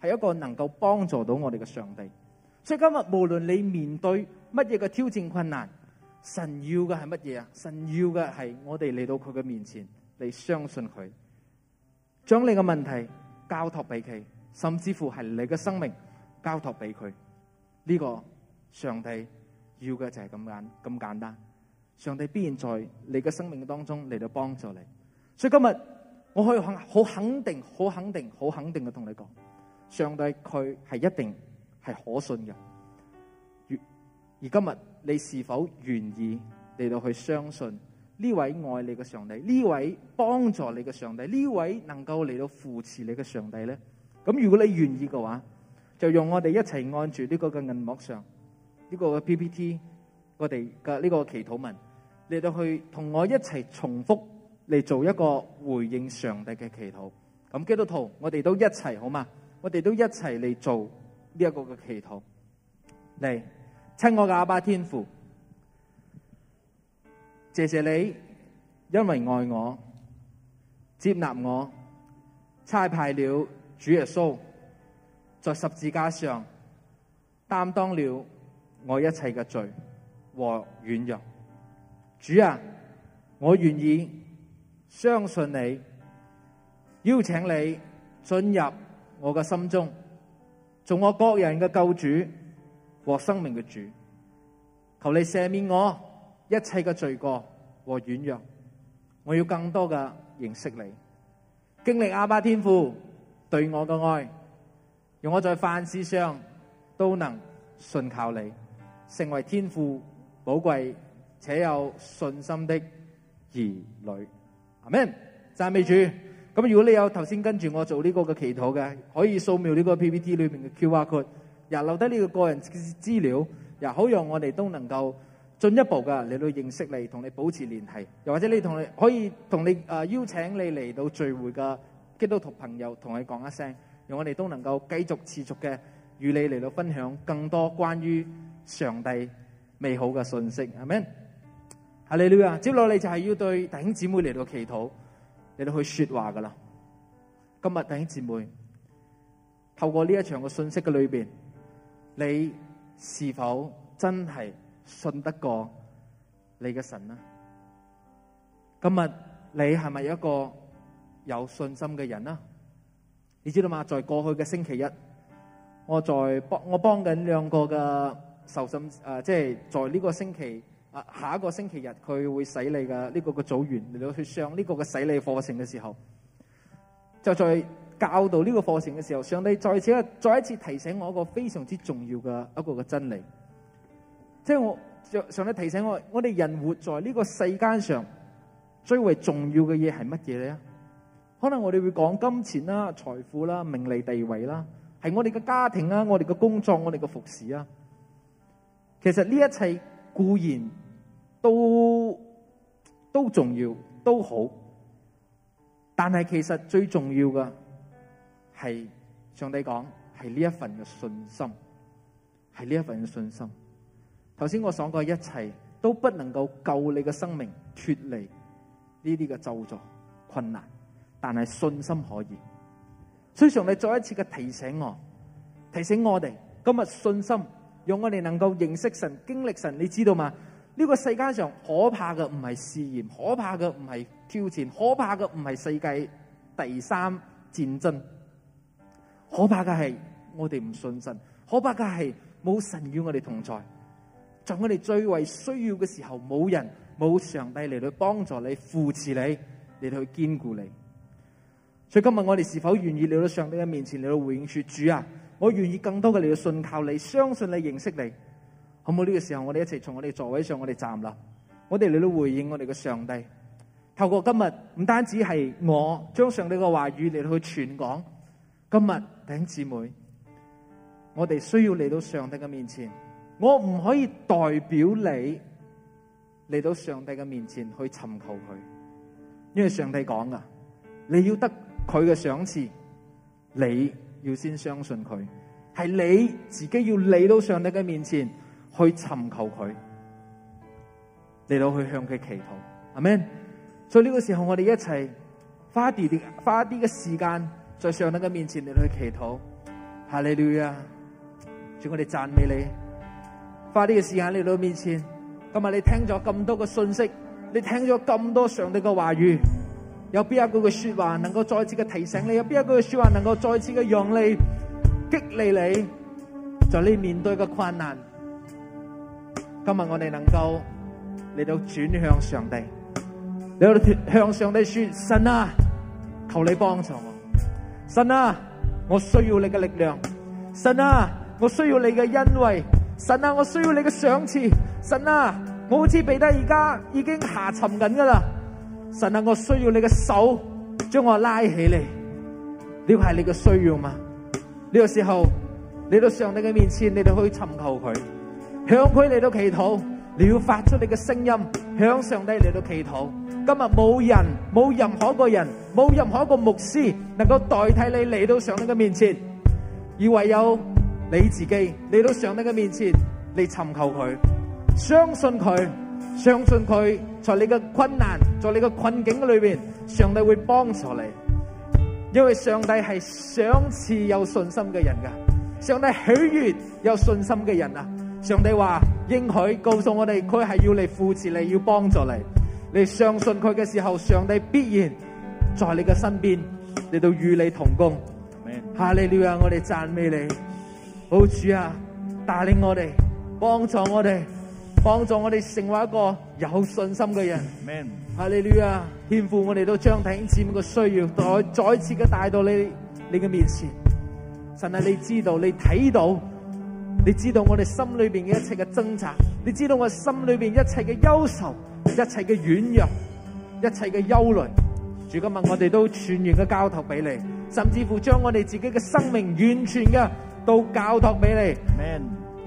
係一個能夠幫助到我哋嘅上帝。所以今日無論你面對乜嘢嘅挑戰困難，神要嘅係乜嘢啊？神要嘅係我哋嚟到佢嘅面前嚟相信佢，將你嘅問題交託俾佢，甚至乎係你嘅生命交託俾佢。呢個上帝要嘅就係咁簡咁簡單，上帝必然在你嘅生命當中嚟到幫助你。所以今日我可以肯好肯定、好肯定、好肯定嘅同你講，上帝佢係一定係可信嘅。而今日你是否願意嚟到去相信呢位愛你嘅上帝，呢位幫助你嘅上帝，呢位能夠嚟到扶持你嘅上帝呢？咁如果你願意嘅話，就用我哋一齊按住呢個嘅銀幕上呢個嘅 PPT，我哋嘅呢個祈禱文嚟到去同我一齊重複嚟做一個回應上帝嘅祈禱。咁基督徒，我哋都一齊好嘛？我哋都一齊嚟做。呢一個嘅祈禱，嚟親我嘅阿爸天父，謝謝你因為愛我接納我，差派了主耶穌在十字架上擔當了我一切嘅罪和軟弱。主啊，我願意相信你，邀請你進入我嘅心中。做我個人嘅救主和生命嘅主，求你赦免我一切嘅罪過和軟弱。我要更多嘅認識你，經歷阿爸天父對我嘅愛，讓我在凡事上都能信靠你，成為天父寶貴且有信心的兒女。阿門！讚美主。咁如果你有頭先跟住我做呢個嘅祈禱嘅，可以掃描呢個 PPT 裏面嘅 QR code，又留低呢個個人資料，又好讓我哋都能夠進一步嘅，嚟到認識你，同你保持聯繫，又或者你同你可以同你誒、呃、邀請你嚟到聚會嘅基督徒朋友同你講一聲，讓我哋都能夠繼續持續嘅與你嚟到分享更多關於上帝美好嘅訊息，係咪？哈利路亞，接落嚟就係要對弟兄姊妹嚟到祈禱。你都去說話噶啦！今日弟兄姊妹，透過呢一場嘅信息嘅裏邊，你是否真係信得過你嘅神呢？今日你係咪一個有信心嘅人呢？你知道嗎？在過去嘅星期一，我在幫我幫緊兩個嘅受審誒，即、呃、係、就是、在呢個星期。啊！下一個星期日，佢會洗禮嘅呢個嘅組員嚟到去上呢個嘅洗禮課程嘅時候，就在教導呢個課程嘅時候，上帝再次再一次提醒我一個非常之重要嘅一個嘅真理，即係我上上帝提醒我，我哋人活在呢個世間上最為重要嘅嘢係乜嘢咧？可能我哋會講金錢啦、財富啦、名利地位啦，係我哋嘅家庭啊、我哋嘅工作、我哋嘅服侍啊。其實呢一切，固然都都重要，都好，但係其實最重要嘅係上帝講係呢一份嘅信心，係呢一份嘅信心。頭先我所講嘅一切都不能夠救你嘅生命脱離呢啲嘅咒詛困難，但係信心可以。所以上帝再一次嘅提醒我，提醒我哋今日信心。讓我哋能夠認識神、經歷神，你知道嘛？呢、這個世界上可怕嘅唔係試驗，可怕嘅唔係挑戰，可怕嘅唔係世界第三戰爭，可怕嘅係我哋唔信神，可怕嘅係冇神與我哋同在，在我哋最為需要嘅時候，冇人冇上帝嚟去幫助你、扶持你、嚟到去堅固你。所以今日我哋是否願意嚟到上帝嘅面前嚟到回應說：主啊！我願意更多嘅嚟去信靠你，相信你，認識你，好冇？呢個時候我哋一齊從我哋座位上我哋站立，我哋嚟到回應我哋嘅上帝。透過今日，唔單止係我將上帝嘅話語嚟到去傳講。今日，弟兄姊妹，我哋需要嚟到上帝嘅面前。我唔可以代表你嚟到上帝嘅面前去尋求佢，因為上帝講噶，你要得佢嘅賞賜，你，要先相信佢。係你自己要嚟到上帝嘅面前去尋求佢，嚟到去向佢祈禱，阿們。所以呢個時候我哋一齊花啲花啲嘅時間，的時間在上帝嘅面前嚟到去祈禱，哈利路亞，祝我哋讚美你，花啲嘅時間嚟到面前。今日你聽咗咁多嘅信息，你聽咗咁多上帝嘅話語。有邊一句嘅說話能夠再次嘅提醒你？有邊一句嘅說話能夠再次嘅讓你激勵你？就你面對嘅困難，今日我哋能夠嚟到轉向上帝，嚟到向上帝說：神啊，求你幫助我！神啊，我需要你嘅力量！神啊，我需要你嘅恩惠！神啊，我需要你嘅賞賜！神啊，我好似彼得而家已經下沉緊噶啦！神啊，我需要你嘅手將我拉起嚟，呢個係你嘅需要嘛？呢個時候，你到上帝嘅面前，你哋可以尋求佢，向佢嚟到祈禱，你要發出你嘅聲音，向上帝嚟到祈禱。今日冇人，冇任何個人，冇任何一個牧師能夠代替你嚟到上帝嘅面前，而唯有你自己嚟到上帝嘅面前嚟尋求佢，相信佢，相信佢。在你嘅困難，在你嘅困境嘅裏邊，上帝會幫助你，因為上帝係賞賜有信心嘅人噶。上帝喜悅有信心嘅人啊！上帝話應許告訴我哋，佢係要嚟扶持你，要幫助你。你相信佢嘅時候，上帝必然在你嘅身邊嚟到與你同工。哈利路亞啊！我哋讚美你，好主啊！帶領我哋，幫助我哋。幫助我哋成為一個有信心嘅人，阿利女啊，天父，我哋都將挺住嘅需要，再再次嘅帶到你你嘅面前。神啊，你知道，你睇到，你知道我哋心裏邊嘅一切嘅掙扎，你知道我心裏邊一切嘅憂愁，一切嘅軟弱，一切嘅憂慮。主今日，我哋都全然嘅交託俾你，甚至乎將我哋自己嘅生命完全嘅都交託俾你。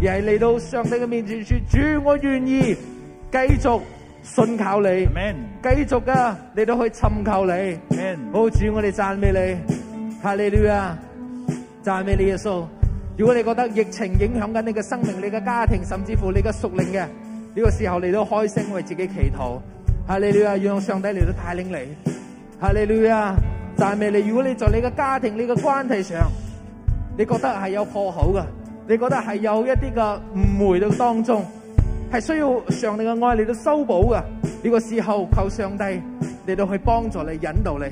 而係嚟到上帝嘅面前說：主，我願意繼續信靠你，Amen. 繼續、啊、你都可以尋求你。好主，我哋讚美你，哈利路亞，讚美你耶穌。如果你覺得疫情影響緊你嘅生命、你嘅家庭，甚至乎你嘅屬靈嘅呢、這個時候你都開聲為自己祈禱，哈利路亞，讓上帝嚟到帶領你，哈利路亞，讚美你。如果你在你嘅家庭、你嘅關係上，你覺得係有破口嘅。你覺得係有一啲嘅誤會到當中，係需要上帝嘅愛嚟到修補嘅呢個時候，求上帝嚟到去幫助你、引導你。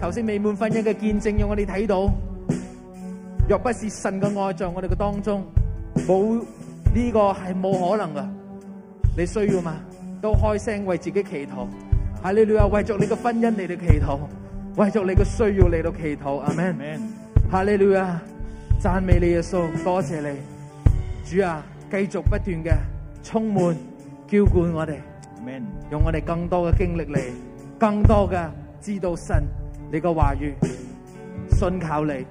頭先美滿婚姻嘅見證，讓我哋睇到，若不是神嘅愛在我哋嘅當中，冇呢個係冇可能嘅。你需要嘛？都開聲為自己祈禱，哈利路亞，為着你嘅婚姻嚟到祈禱，為着你嘅需要嚟到祈禱。阿 Man，阿 Man，哈利路亞。讚美你耶穌，多謝你，主啊，繼續不斷嘅充滿澆灌我哋，用我哋更多嘅經歷嚟，更多嘅知道神你嘅話語，信靠你，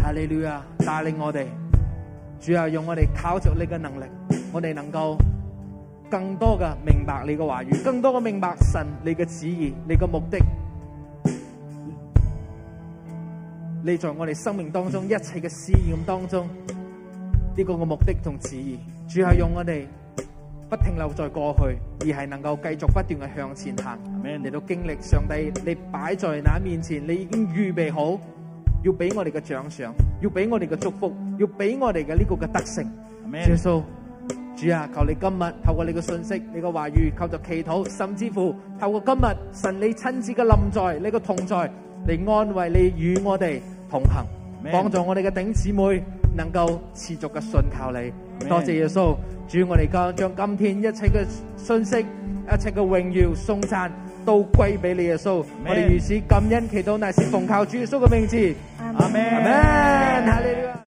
哈利路亞帶領我哋，主啊，用我哋靠着你嘅能力，我哋能夠更多嘅明白你嘅話語，更多嘅明白神你嘅旨意，你嘅目的。你在我哋生命當中一切嘅試驗當中，呢個嘅目的同旨意，主係用我哋不停留在過去，而係能夠繼續不斷嘅向前行。咩？嚟到經歷，上帝你擺在那面前，你已經預備好，要俾我哋嘅獎賞，要俾我哋嘅祝福，要俾我哋嘅呢個嘅得勝。耶穌，主啊，求你今日透過你嘅信息、你嘅話語，靠着祈禱，甚至乎透過今日神你親自嘅臨在，你嘅同在。嚟，安慰你，與我哋同行，幫助我哋嘅頂姊妹能夠持續嘅信靠你。多謝耶穌，主，我哋今將今天一切嘅信息、一切嘅榮耀頌讚都歸俾你耶穌。我哋如此感恩，祈禱乃是奉靠主耶穌嘅名字。阿門。